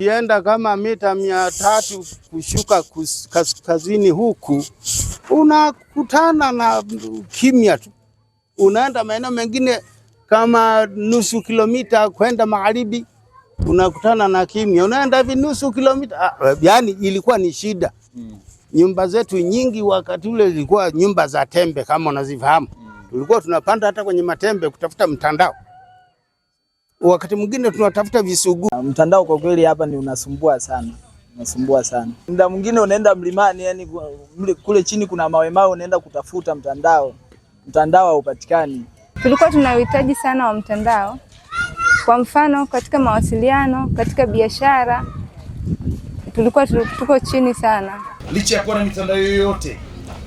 Ukienda kama mita mia tatu kushuka kaskazini huku unakutana na kimya tu. Unaenda maeneo mengine kama nusu kilomita kwenda magharibi unakutana na kimya. Unaenda hivi nusu kilomita, ah, yani ilikuwa ni shida mm. Nyumba zetu nyingi wakati ule zilikuwa nyumba za tembe, kama unazifahamu mm. Tulikuwa tunapanda hata kwenye matembe kutafuta mtandao wakati mwingine tunatafuta visugu. Ah, mtandao kwa kweli hapa ni unasumbua sana, unasumbua sana. Muda mwingine unaenda mlimani, yani kule chini kuna mawe mawe, unaenda kutafuta mtandao, mtandao haupatikani. Tulikuwa tunahitaji sana wa mtandao, kwa mfano katika mawasiliano, katika biashara, tulikuwa tuko chini sana, licha ya kuwa na mitandao yoyote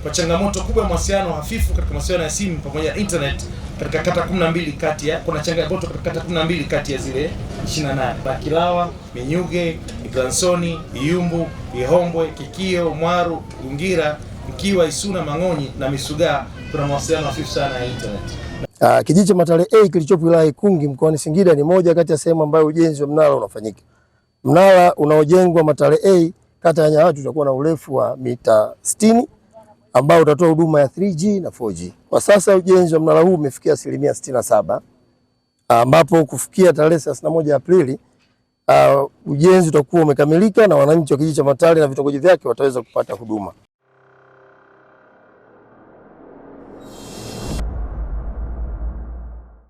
kwa changamoto kubwa ya mawasiliano hafifu katika mawasiliano ya simu pamoja na internet katika kata 12 kati ya kuna changamoto katika kata 12 kati ya zile 28: Bakilawa, Minyuge, Iglansoni, Iyumbu, Ihombwe, Kikio, Mwaru, Ungira, Mkiwa, Isuna, Mang'onyi na Misugaa kuna mawasiliano hafifu sana ya internet. Uh, kijiji cha Matale A kilichopo wilaya Ikungi mkoani Singida ni moja kati ya sehemu ambayo ujenzi wa mnara unafanyika. Mnara unaojengwa Matale A kata ya Nyawatu utakuwa na urefu wa mita 60 ambao utatoa huduma ya 3G na 4G. Kwa sasa ujenzi wa mnara huu umefikia asilimia 67 ambapo kufikia tarehe 31 Aprili uh, ujenzi utakuwa umekamilika na wananchi wa kijiji cha Matale na vitongoji vyake wataweza kupata huduma.